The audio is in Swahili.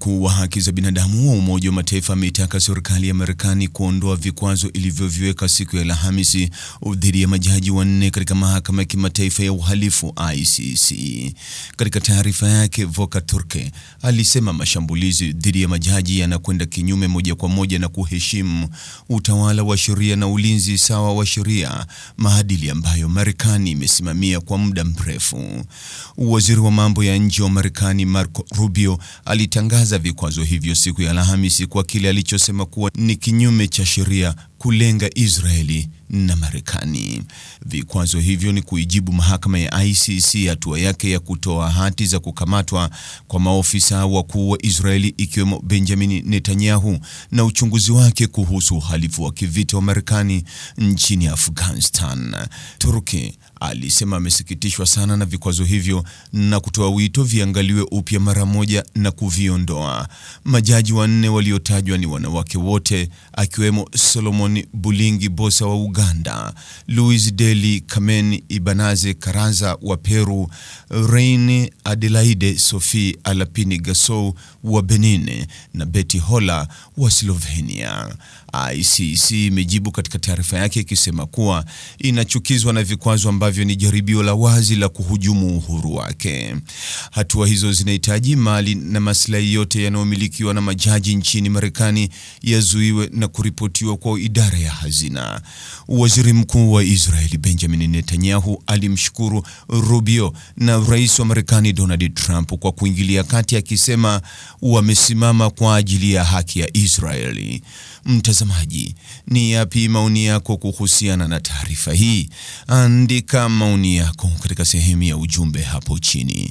mkuu wa haki za binadamu wa Umoja wa Mataifa ameitaka serikali ya Marekani kuondoa vikwazo ilivyoviweka siku ya Alhamisi dhidi ya majaji wanne katika mahakama ya kimataifa ya uhalifu ICC. Katika taarifa yake, Volker Turk alisema mashambulizi dhidi ya majaji yanakwenda kinyume moja kwa moja na kuheshimu utawala wa sheria na ulinzi sawa wa sheria, maadili ambayo Marekani imesimamia kwa muda mrefu. Waziri wa mambo ya nje wa Marekani Marco Rubio alitangaza kutangaza vikwazo hivyo siku ya Alhamisi kwa kile alichosema kuwa ni kinyume cha sheria kulenga Israeli na Marekani. Vikwazo hivyo ni kuijibu mahakama ya ICC hatua yake ya kutoa hati za kukamatwa kwa maofisa wakuu wa Israeli ikiwemo Benjamin Netanyahu na uchunguzi wake kuhusu uhalifu wa kivita wa Marekani nchini Afghanistan. Turki alisema amesikitishwa sana na vikwazo hivyo na kutoa wito viangaliwe upya mara moja na kuviondoa. Majaji wanne waliotajwa ni wanawake wote akiwemo Solomon Bulingi Bosa wa Uganda Uganda, Luis Deli Kamen Ibanaze Karaza wa Peru, Rain Adelaide Sophie Alapini Gasou wa Benin na Betty Hola wa Slovenia. ICC imejibu katika taarifa yake ikisema kuwa inachukizwa na vikwazo ambavyo ni jaribio la wazi la kuhujumu uhuru wake. Hatua hizo zinahitaji mali na maslahi yote yanayomilikiwa na majaji nchini Marekani yazuiwe na kuripotiwa kwa idara ya hazina. Waziri Mkuu wa Israeli Benjamin Netanyahu alimshukuru Rubio na Rais wa Marekani Donald Trump kwa kuingilia kati akisema wamesimama kwa ajili ya haki ya Israeli. Mtazamaji, ni yapi maoni yako kuhusiana na taarifa hii? Andika maoni yako katika sehemu ya ujumbe hapo chini